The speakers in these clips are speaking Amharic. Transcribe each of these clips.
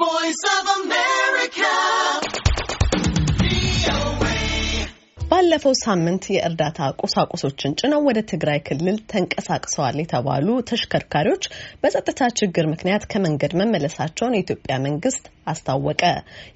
voice of America. ባለፈው ሳምንት የእርዳታ ቁሳቁሶችን ጭነው ወደ ትግራይ ክልል ተንቀሳቅሰዋል የተባሉ ተሽከርካሪዎች በጸጥታ ችግር ምክንያት ከመንገድ መመለሳቸውን የኢትዮጵያ መንግስት አስታወቀ።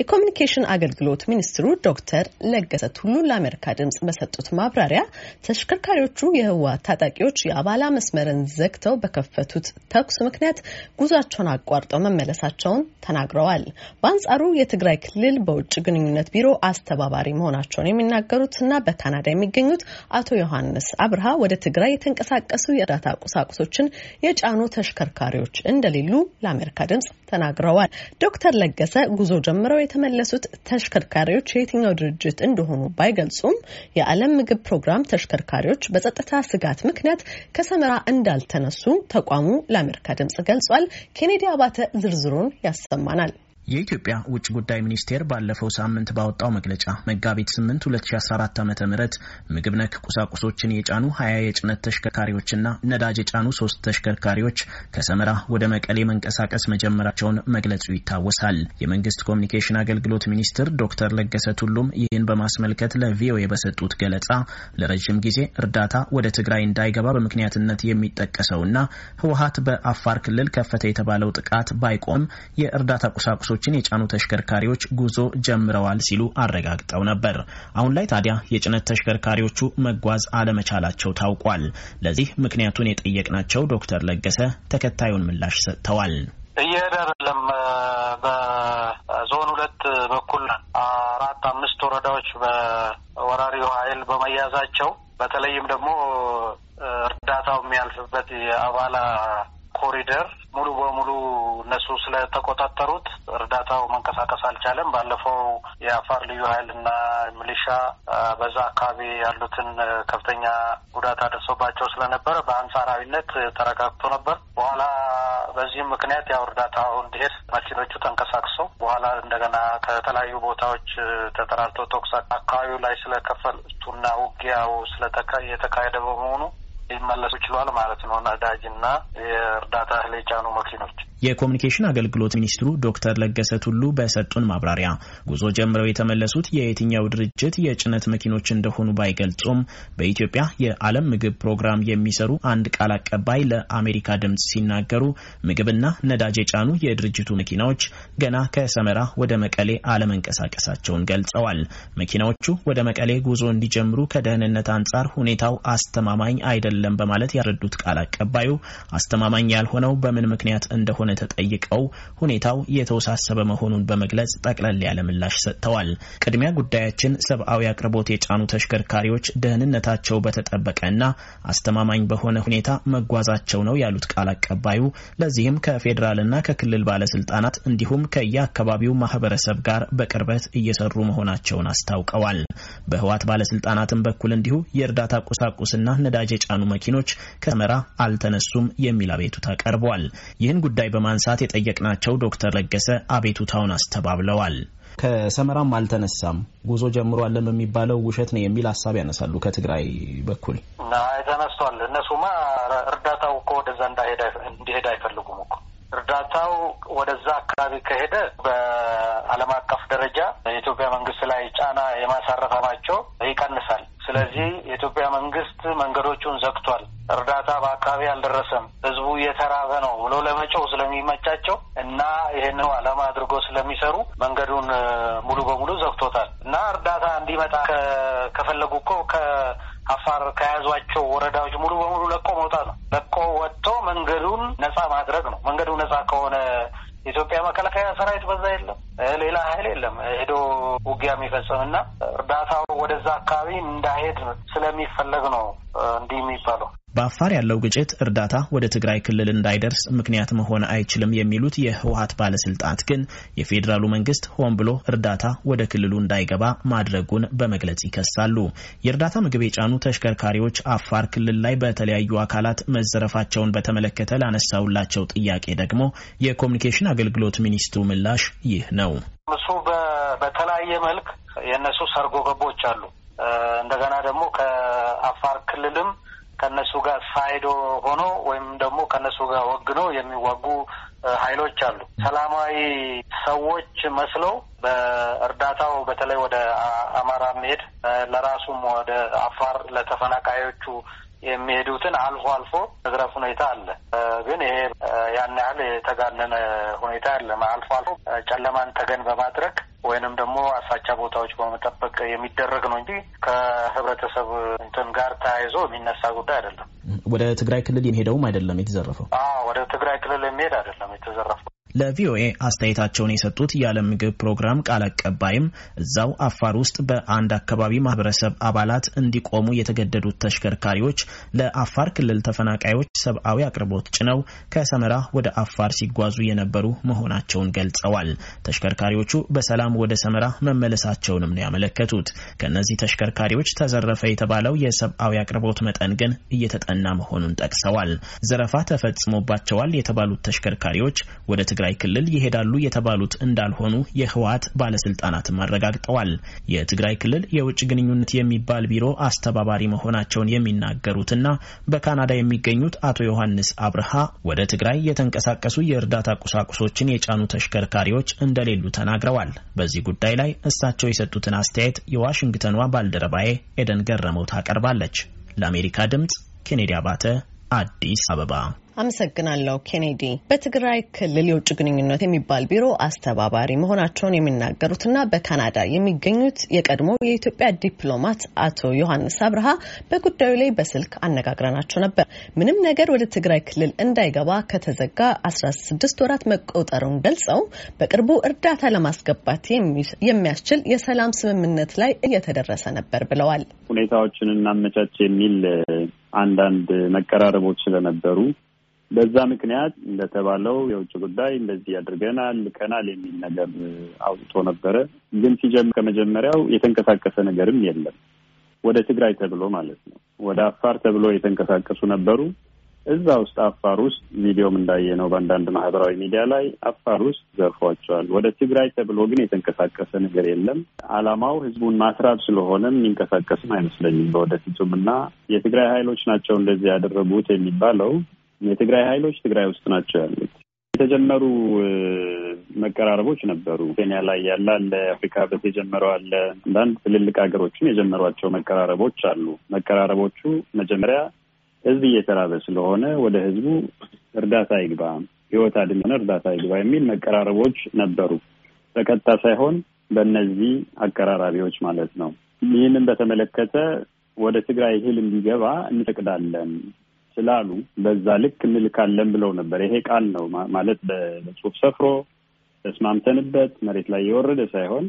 የኮሚኒኬሽን አገልግሎት ሚኒስትሩ ዶክተር ለገሰ ቱሉ ለአሜሪካ ድምጽ በሰጡት ማብራሪያ ተሽከርካሪዎቹ የህወሓት ታጣቂዎች የአባላ መስመርን ዘግተው በከፈቱት ተኩስ ምክንያት ጉዟቸውን አቋርጠው መመለሳቸውን ተናግረዋል። በአንጻሩ የትግራይ ክልል በውጭ ግንኙነት ቢሮ አስተባባሪ መሆናቸውን የሚናገሩት እና በካናዳ የሚገኙት አቶ ዮሐንስ አብርሃ ወደ ትግራይ የተንቀሳቀሱ የእርዳታ ቁሳቁሶችን የጫኑ ተሽከርካሪዎች እንደሌሉ ለአሜሪካ ድምጽ ተናግረዋል። ዶክተር ለገሰ ጉዞ ጀምረው የተመለሱት ተሽከርካሪዎች የየትኛው ድርጅት እንደሆኑ ባይገልጹም የዓለም ምግብ ፕሮግራም ተሽከርካሪዎች በጸጥታ ስጋት ምክንያት ከሰመራ እንዳልተነሱ ተቋሙ ለአሜሪካ ድምጽ ገልጿል። ኬኔዲ አባተ ዝርዝሩን ያሰማናል። የኢትዮጵያ ውጭ ጉዳይ ሚኒስቴር ባለፈው ሳምንት ባወጣው መግለጫ መጋቢት 8 2014 ዓ ም ምግብ ነክ ቁሳቁሶችን የጫኑ 20 የጭነት ተሽከርካሪዎችና ነዳጅ የጫኑ ሶስት ተሽከርካሪዎች ከሰመራ ወደ መቀሌ መንቀሳቀስ መጀመራቸውን መግለጹ ይታወሳል። የመንግስት ኮሚኒኬሽን አገልግሎት ሚኒስትር ዶክተር ለገሰ ቱሉም ይህን በማስመልከት ለቪኦኤ በሰጡት ገለጻ ለረዥም ጊዜ እርዳታ ወደ ትግራይ እንዳይገባ በምክንያትነት የሚጠቀሰውና ህወሀት በአፋር ክልል ከፈተ የተባለው ጥቃት ባይቆም የእርዳታ ቁሳቁሶ ሸቀጦችን የጫኑ ተሽከርካሪዎች ጉዞ ጀምረዋል ሲሉ አረጋግጠው ነበር። አሁን ላይ ታዲያ የጭነት ተሽከርካሪዎቹ መጓዝ አለመቻላቸው ታውቋል። ለዚህ ምክንያቱን የጠየቅናቸው ዶክተር ለገሰ ተከታዩን ምላሽ ሰጥተዋል። እየሄደ አይደለም። በዞን ሁለት በኩል አራት አምስት ወረዳዎች በወራሪው ኃይል በመያዛቸው በተለይም ደግሞ እርዳታው የሚያልፍበት የአባላ ኮሪደር ሙሉ በሙሉ እነሱ ስለተቆጣጠሩት እርዳታው መንቀሳቀስ አልቻለም። ባለፈው የአፋር ልዩ ኃይልና ሚሊሻ በዛ አካባቢ ያሉትን ከፍተኛ ጉዳት አደርሶባቸው ስለነበረ በአንጻራዊነት ተረጋግቶ ነበር። በኋላ በዚህም ምክንያት ያው እርዳታው እንዲሄድ መኪኖቹ ተንቀሳቅሰው በኋላ እንደገና ከተለያዩ ቦታዎች ተጠራርተው ተኩስ አካባቢው ላይ ስለከፈቱና ውጊያው እየተካሄደ በመሆኑ ሊመለሱ ይችሏል ማለት ነው። ነዳጅና የእርዳታ እህል የጫኑ መኪኖች የኮሚኒኬሽን አገልግሎት ሚኒስትሩ ዶክተር ለገሰ ቱሉ በሰጡን ማብራሪያ ጉዞ ጀምረው የተመለሱት የየትኛው ድርጅት የጭነት መኪኖች እንደሆኑ ባይገልጹም በኢትዮጵያ የዓለም ምግብ ፕሮግራም የሚሰሩ አንድ ቃል አቀባይ ለአሜሪካ ድምፅ ሲናገሩ ምግብና ነዳጅ የጫኑ የድርጅቱ መኪናዎች ገና ከሰመራ ወደ መቀሌ አለመንቀሳቀሳቸውን ገልጸዋል። መኪናዎቹ ወደ መቀሌ ጉዞ እንዲጀምሩ ከደህንነት አንጻር ሁኔታው አስተማማኝ አይደለም በማለት ያረዱት ቃል አቀባዩ አስተማማኝ ያልሆነው በምን ምክንያት እንደሆነ እንደሆነ ተጠይቀው ሁኔታው የተወሳሰበ መሆኑን በመግለጽ ጠቅለል ያለ ምላሽ ሰጥተዋል። ቅድሚያ ጉዳያችን ሰብአዊ አቅርቦት የጫኑ ተሽከርካሪዎች ደህንነታቸው በተጠበቀና አስተማማኝ በሆነ ሁኔታ መጓዛቸው ነው ያሉት ቃል አቀባዩ ለዚህም ከፌዴራልና ከክልል ባለስልጣናት እንዲሁም ከየአካባቢው ማህበረሰብ ጋር በቅርበት እየሰሩ መሆናቸውን አስታውቀዋል። በህወሓት ባለስልጣናትም በኩል እንዲሁ የእርዳታ ቁሳቁስና ነዳጅ የጫኑ መኪኖች ከመራ አልተነሱም የሚል አቤቱታ ቀርቧል። ይህን ጉዳይ በ በማንሳት የጠየቅናቸው ዶክተር ለገሰ አቤቱታውን አስተባብለዋል። ከሰመራም አልተነሳም ጉዞ ጀምሯለን በሚባለው ውሸት ነው የሚል ሀሳብ ያነሳሉ። ከትግራይ በኩል ተነስቷል። እነሱማ እርዳታው እኮ ወደዛ እንዲሄድ አይፈልጉም እኮ እርዳታው ወደዛ አካባቢ ከሄደ በዓለም አቀፍ ደረጃ የኢትዮጵያ መንግስት ላይ ጫና የማሳረፋማቸው ይቀንሳል። ስለዚህ የኢትዮጵያ መንግስት መንገዶቹን ዘግቷል። እርዳታ በአካባቢ አልደረሰም ህዝቡ እየተራበ ነው ብሎ ለመጮው ስለሚመቻቸው እና ይህንኑ አላማ አድርጎ ስለሚሰሩ መንገዱን ሙሉ በሙሉ ዘግቶታል እና እርዳታ እንዲመጣ ከፈለጉ እኮ ከአፋር ከያዟቸው ወረዳዎች ሙሉ በሙሉ ለቆ መውጣት ነው። ለቆ ወጥቶ መንገዱን ነጻ ማድረግ ነው። መንገዱ ነጻ ከሆነ የኢትዮጵያ መከላከያ ሰራዊት በዛ የለም፣ ሌላ ሀይል የለም ሄዶ ውጊያ የሚፈጽም እና እርዳታው ወደዛ አካባቢ እንዳሄድ ስለሚፈለግ ነው እንዲህ የሚባለው። በአፋር ያለው ግጭት እርዳታ ወደ ትግራይ ክልል እንዳይደርስ ምክንያት መሆን አይችልም የሚሉት የህወሀት ባለስልጣናት ግን የፌዴራሉ መንግስት ሆን ብሎ እርዳታ ወደ ክልሉ እንዳይገባ ማድረጉን በመግለጽ ይከሳሉ። የእርዳታ ምግብ የጫኑ ተሽከርካሪዎች አፋር ክልል ላይ በተለያዩ አካላት መዘረፋቸውን በተመለከተ ላነሳውላቸው ጥያቄ ደግሞ የኮሚኒኬሽን አገልግሎት ሚኒስትሩ ምላሽ ይህ ነው። እሱ በተለያየ መልክ የእነሱ ሰርጎ ገቦች አሉ። እንደገና ደግሞ ከአፋር ክልልም ከነሱ ጋር ሳይዶ ሆኖ ወይም ደግሞ ከነሱ ጋር ወግኖ የሚዋጉ ኃይሎች አሉ። ሰላማዊ ሰዎች መስለው በእርዳታው በተለይ ወደ አማራ መሄድ ለራሱም ወደ አፋር ለተፈናቃዮቹ የሚሄዱትን አልፎ አልፎ መዝረፍ ሁኔታ አለ። ግን ይሄ ያን ያህል የተጋነነ ሁኔታ አለ። አልፎ አልፎ ጨለማን ተገን በማድረግ ወይንም ደግሞ አሳቻ ቦታዎች በመጠበቅ የሚደረግ ነው እንጂ ከህብረተሰብ እንትን ጋር ተያይዞ የሚነሳ ጉዳይ አይደለም። ወደ ትግራይ ክልል የሚሄደውም አይደለም የተዘረፈው። ወደ ትግራይ ክልል የሚሄድ አይደለም የተዘረፈው። ለቪኦኤ አስተያየታቸውን የሰጡት የዓለም ምግብ ፕሮግራም ቃል አቀባይም እዛው አፋር ውስጥ በአንድ አካባቢ ማህበረሰብ አባላት እንዲቆሙ የተገደዱት ተሽከርካሪዎች ለአፋር ክልል ተፈናቃዮች ሰብአዊ አቅርቦት ጭነው ከሰመራ ወደ አፋር ሲጓዙ የነበሩ መሆናቸውን ገልጸዋል። ተሽከርካሪዎቹ በሰላም ወደ ሰመራ መመለሳቸውንም ነው ያመለከቱት። ከእነዚህ ተሽከርካሪዎች ተዘረፈ የተባለው የሰብአዊ አቅርቦት መጠን ግን እየተጠና መሆኑን ጠቅሰዋል። ዘረፋ ተፈጽሞባቸዋል የተባሉት ተሽከርካሪዎች ወደ ትግራይ ክልል ይሄዳሉ የተባሉት እንዳልሆኑ የህወሓት ባለስልጣናትም አረጋግጠዋል። የትግራይ ክልል የውጭ ግንኙነት የሚባል ቢሮ አስተባባሪ መሆናቸውን የሚናገሩትና በካናዳ የሚገኙት አቶ ዮሐንስ አብርሃ ወደ ትግራይ የተንቀሳቀሱ የእርዳታ ቁሳቁሶችን የጫኑ ተሽከርካሪዎች እንደሌሉ ተናግረዋል። በዚህ ጉዳይ ላይ እሳቸው የሰጡትን አስተያየት የዋሽንግተኗ ባልደረባዬ ኤደን ገረመው ታቀርባለች። ለአሜሪካ ድምፅ ኬኔዲ አባተ አዲስ አበባ አመሰግናለሁ ኬኔዲ። በትግራይ ክልል የውጭ ግንኙነት የሚባል ቢሮ አስተባባሪ መሆናቸውን የሚናገሩትና በካናዳ የሚገኙት የቀድሞ የኢትዮጵያ ዲፕሎማት አቶ ዮሐንስ አብርሃ በጉዳዩ ላይ በስልክ አነጋግረናቸው ነበር። ምንም ነገር ወደ ትግራይ ክልል እንዳይገባ ከተዘጋ 16 ወራት መቆጠሩን ገልጸው በቅርቡ እርዳታ ለማስገባት የሚያስችል የሰላም ስምምነት ላይ እየተደረሰ ነበር ብለዋል። ሁኔታዎችን እናመቻች የሚል አንዳንድ መቀራረቦች ስለነበሩ በዛ ምክንያት እንደተባለው የውጭ ጉዳይ እንደዚህ ያድርገናል ልከናል የሚል ነገር አውጥቶ ነበረ። ግን ሲጀምር ከመጀመሪያው የተንቀሳቀሰ ነገርም የለም። ወደ ትግራይ ተብሎ ማለት ነው። ወደ አፋር ተብሎ የተንቀሳቀሱ ነበሩ። እዛ ውስጥ አፋር ውስጥ ቪዲዮም ነው በአንዳንድ ማህበራዊ ሚዲያ ላይ አፋር ውስጥ ዘርፏቸዋል። ወደ ትግራይ ተብሎ ግን የተንቀሳቀሰ ነገር የለም። አላማው ህዝቡን ማስራብ ስለሆነ የሚንቀሳቀስም አይመስለኝም በወደፊቱም እና የትግራይ ኃይሎች ናቸው እንደዚህ ያደረጉት የሚባለው የትግራይ ኃይሎች ትግራይ ውስጥ ናቸው ያሉት። የተጀመሩ መቀራረቦች ነበሩ። ኬንያ ላይ ያለ አለ፣ አፍሪካ ህብረት የጀመረው አለ። አንዳንድ ትልልቅ ሀገሮችም የጀመሯቸው መቀራረቦች አሉ። መቀራረቦቹ መጀመሪያ ህዝብ እየተራበ ስለሆነ ወደ ህዝቡ እርዳታ ይግባ፣ ህይወት አድን እርዳታ ይግባ የሚል መቀራረቦች ነበሩ። በቀጥታ ሳይሆን በእነዚህ አቀራራቢዎች ማለት ነው። ይህንን በተመለከተ ወደ ትግራይ እህል እንዲገባ እንፈቅዳለን ስላሉ በዛ ልክ እንልካለን ብለው ነበር። ይሄ ቃል ነው ማለት በጽሁፍ ሰፍሮ ተስማምተንበት መሬት ላይ የወረደ ሳይሆን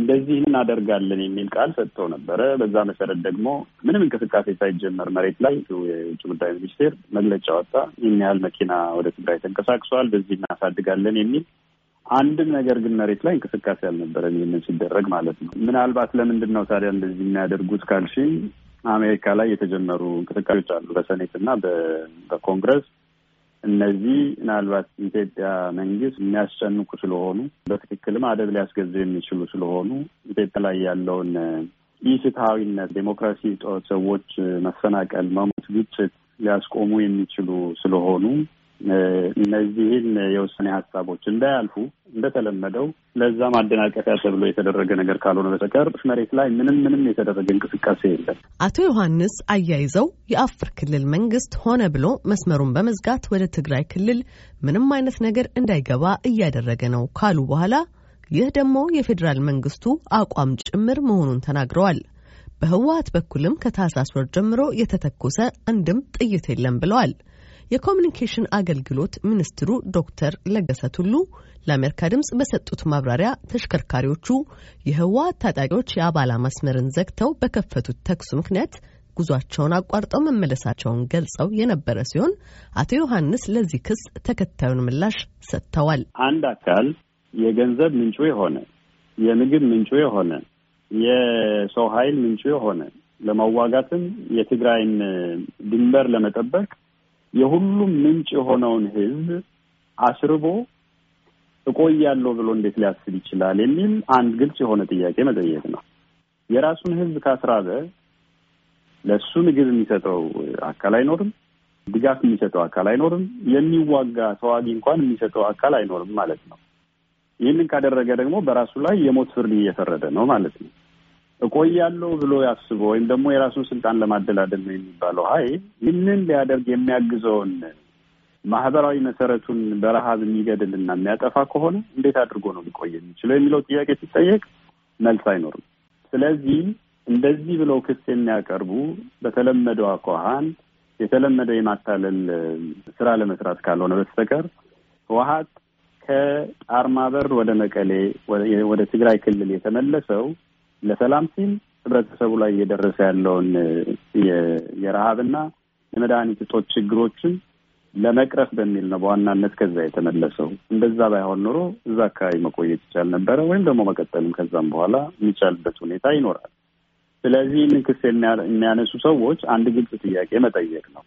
እንደዚህ እናደርጋለን የሚል ቃል ሰጥተው ነበረ። በዛ መሰረት ደግሞ ምንም እንቅስቃሴ ሳይጀመር መሬት ላይ የውጭ ጉዳይ ሚኒስቴር መግለጫ ወጣ። ይህን ያህል መኪና ወደ ትግራይ ተንቀሳቅሷል፣ በዚህ እናሳድጋለን የሚል አንድም ነገር ግን መሬት ላይ እንቅስቃሴ አልነበረም። ይህንን ሲደረግ ማለት ነው። ምናልባት ለምንድን ነው ታዲያ እንደዚህ የሚያደርጉት ካልሽኝ አሜሪካ ላይ የተጀመሩ እንቅስቃሴዎች አሉ በሰኔት እና በኮንግረስ እነዚህ ምናልባት ኢትዮጵያ መንግስት የሚያስጨንቁ ስለሆኑ በትክክልም አደብ ሊያስገዙ የሚችሉ ስለሆኑ ኢትዮጵያ ላይ ያለውን ኢፍትሐዊነት፣ ዴሞክራሲ ሰዎች መፈናቀል፣ መሞት፣ ግጭት ሊያስቆሙ የሚችሉ ስለሆኑ እነዚህን የውሳኔ ሀሳቦች እንዳያልፉ እንደተለመደው ለዛ ማደናቀፊያ ተብሎ የተደረገ ነገር ካልሆነ በስተቀር መሬት ላይ ምንም ምንም የተደረገ እንቅስቃሴ የለም። አቶ ዮሐንስ አያይዘው የአፋር ክልል መንግስት ሆነ ብሎ መስመሩን በመዝጋት ወደ ትግራይ ክልል ምንም አይነት ነገር እንዳይገባ እያደረገ ነው ካሉ በኋላ ይህ ደግሞ የፌዴራል መንግስቱ አቋም ጭምር መሆኑን ተናግረዋል። በህወሀት በኩልም ከታህሳስ ወር ጀምሮ የተተኮሰ አንድም ጥይት የለም ብለዋል። የኮሚኒኬሽን አገልግሎት ሚኒስትሩ ዶክተር ለገሰ ቱሉ ለአሜሪካ ድምጽ በሰጡት ማብራሪያ ተሽከርካሪዎቹ የህወሓት ታጣቂዎች የአባላ መስመርን ዘግተው በከፈቱት ተኩስ ምክንያት ጉዟቸውን አቋርጠው መመለሳቸውን ገልጸው የነበረ ሲሆን አቶ ዮሐንስ ለዚህ ክስ ተከታዩን ምላሽ ሰጥተዋል። አንድ አካል የገንዘብ ምንጩ የሆነ የምግብ ምንጩ የሆነ የሰው ኃይል ምንጩ የሆነ ለመዋጋትም የትግራይን ድንበር ለመጠበቅ የሁሉም ምንጭ የሆነውን ህዝብ አስርቦ እቆያለሁ ብሎ እንዴት ሊያስብ ይችላል? የሚል አንድ ግልጽ የሆነ ጥያቄ መጠየቅ ነው። የራሱን ህዝብ ካስራበ ለእሱ ምግብ የሚሰጠው አካል አይኖርም፣ ድጋፍ የሚሰጠው አካል አይኖርም፣ የሚዋጋ ተዋጊ እንኳን የሚሰጠው አካል አይኖርም ማለት ነው። ይህንን ካደረገ ደግሞ በራሱ ላይ የሞት ፍርድ እየፈረደ ነው ማለት ነው። እቆያለሁ ብሎ ያስበው ወይም ደግሞ የራሱን ስልጣን ለማደላደል ነው የሚባለው ኃይል ይህንን ሊያደርግ የሚያግዘውን ማህበራዊ መሰረቱን በረሃብ የሚገድልና የሚያጠፋ ከሆነ እንዴት አድርጎ ነው ሊቆይ የሚችለው የሚለው ጥያቄ ሲጠየቅ መልስ አይኖርም። ስለዚህ እንደዚህ ብለው ክስ የሚያቀርቡ በተለመደው አኳኋን የተለመደ የማታለል ስራ ለመስራት ካልሆነ በስተቀር ህወሀት ከጣርማበር ወደ መቀሌ ወደ ትግራይ ክልል የተመለሰው ለሰላም ሲል ህብረተሰቡ ላይ እየደረሰ ያለውን የረሀብና የመድኃኒት እጦት ችግሮችን ለመቅረፍ በሚል ነው በዋናነት ከዛ የተመለሰው። እንደዛ ባይሆን ኖሮ እዛ አካባቢ መቆየት ይቻል ነበረ፣ ወይም ደግሞ መቀጠልም ከዛም በኋላ የሚቻልበት ሁኔታ ይኖራል። ስለዚህ ይህንን ክስ የሚያነሱ ሰዎች አንድ ግልጽ ጥያቄ መጠየቅ ነው።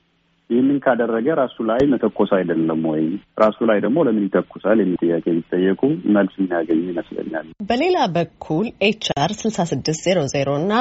ይህንን ካደረገ ራሱ ላይ መተኮስ አይደለም ወይ? ራሱ ላይ ደግሞ ለምን ይተኩሳል የሚል ጥያቄ ቢጠየቁ መልስ የሚያገኙ ይመስለኛል። በሌላ በኩል ኤችአር ስልሳ ስድስት ዜሮ ዜሮ እና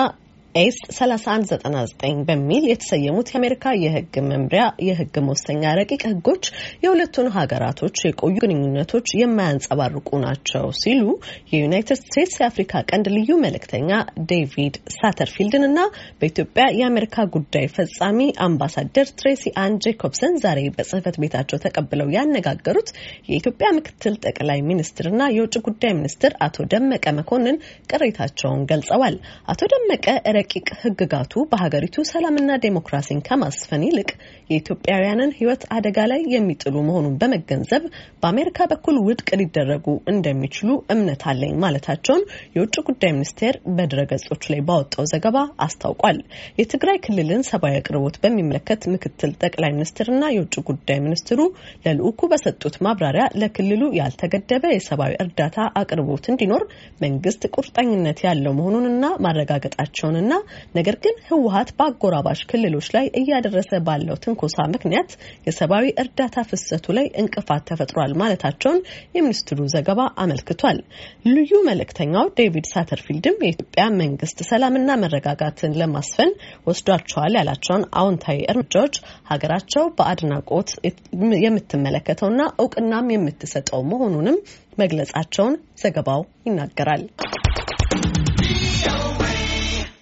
ኤስ 3199 በሚል የተሰየሙት የአሜሪካ የህግ መምሪያ የህግ መወሰኛ ረቂቅ ህጎች የሁለቱን ሀገራቶች የቆዩ ግንኙነቶች የማያንጸባርቁ ናቸው ሲሉ የዩናይትድ ስቴትስ የአፍሪካ ቀንድ ልዩ መልእክተኛ ዴቪድ ሳተርፊልድን እና በኢትዮጵያ የአሜሪካ ጉዳይ ፈጻሚ አምባሳደር ትሬሲ አን ጄኮብሰን ዛሬ በጽህፈት ቤታቸው ተቀብለው ያነጋገሩት የኢትዮጵያ ምክትል ጠቅላይ ሚኒስትርና የውጭ ጉዳይ ሚኒስትር አቶ ደመቀ መኮንን ቅሬታቸውን ገልጸዋል። አቶ ደመቀ ረቂቅ ህግጋቱ በሀገሪቱ ሰላምና ዴሞክራሲን ከማስፈን ይልቅ የኢትዮጵያውያንን ህይወት አደጋ ላይ የሚጥሉ መሆኑን በመገንዘብ በአሜሪካ በኩል ውድቅ ሊደረጉ እንደሚችሉ እምነት አለኝ ማለታቸውን የውጭ ጉዳይ ሚኒስቴር በድረገጾች ላይ ባወጣው ዘገባ አስታውቋል። የትግራይ ክልልን ሰብአዊ አቅርቦት በሚመለከት ምክትል ጠቅላይ ሚኒስትርና የውጭ ጉዳይ ሚኒስትሩ ለልዑኩ በሰጡት ማብራሪያ ለክልሉ ያልተገደበ የሰብአዊ እርዳታ አቅርቦት እንዲኖር መንግስት ቁርጠኝነት ያለው መሆኑንና ማረጋገጣቸውንና ና ነገር ግን ህወሀት በአጎራባሽ ክልሎች ላይ እያደረሰ ባለው ትንኮሳ ምክንያት የሰብአዊ እርዳታ ፍሰቱ ላይ እንቅፋት ተፈጥሯል ማለታቸውን የሚኒስትሩ ዘገባ አመልክቷል። ልዩ መልእክተኛው ዴቪድ ሳተርፊልድም የኢትዮጵያ መንግስት ሰላምና መረጋጋትን ለማስፈን ወስዷቸዋል ያላቸውን አዎንታዊ እርምጃዎች ሀገራቸው በአድናቆት የምትመለከተውና እውቅናም የምትሰጠው መሆኑንም መግለጻቸውን ዘገባው ይናገራል።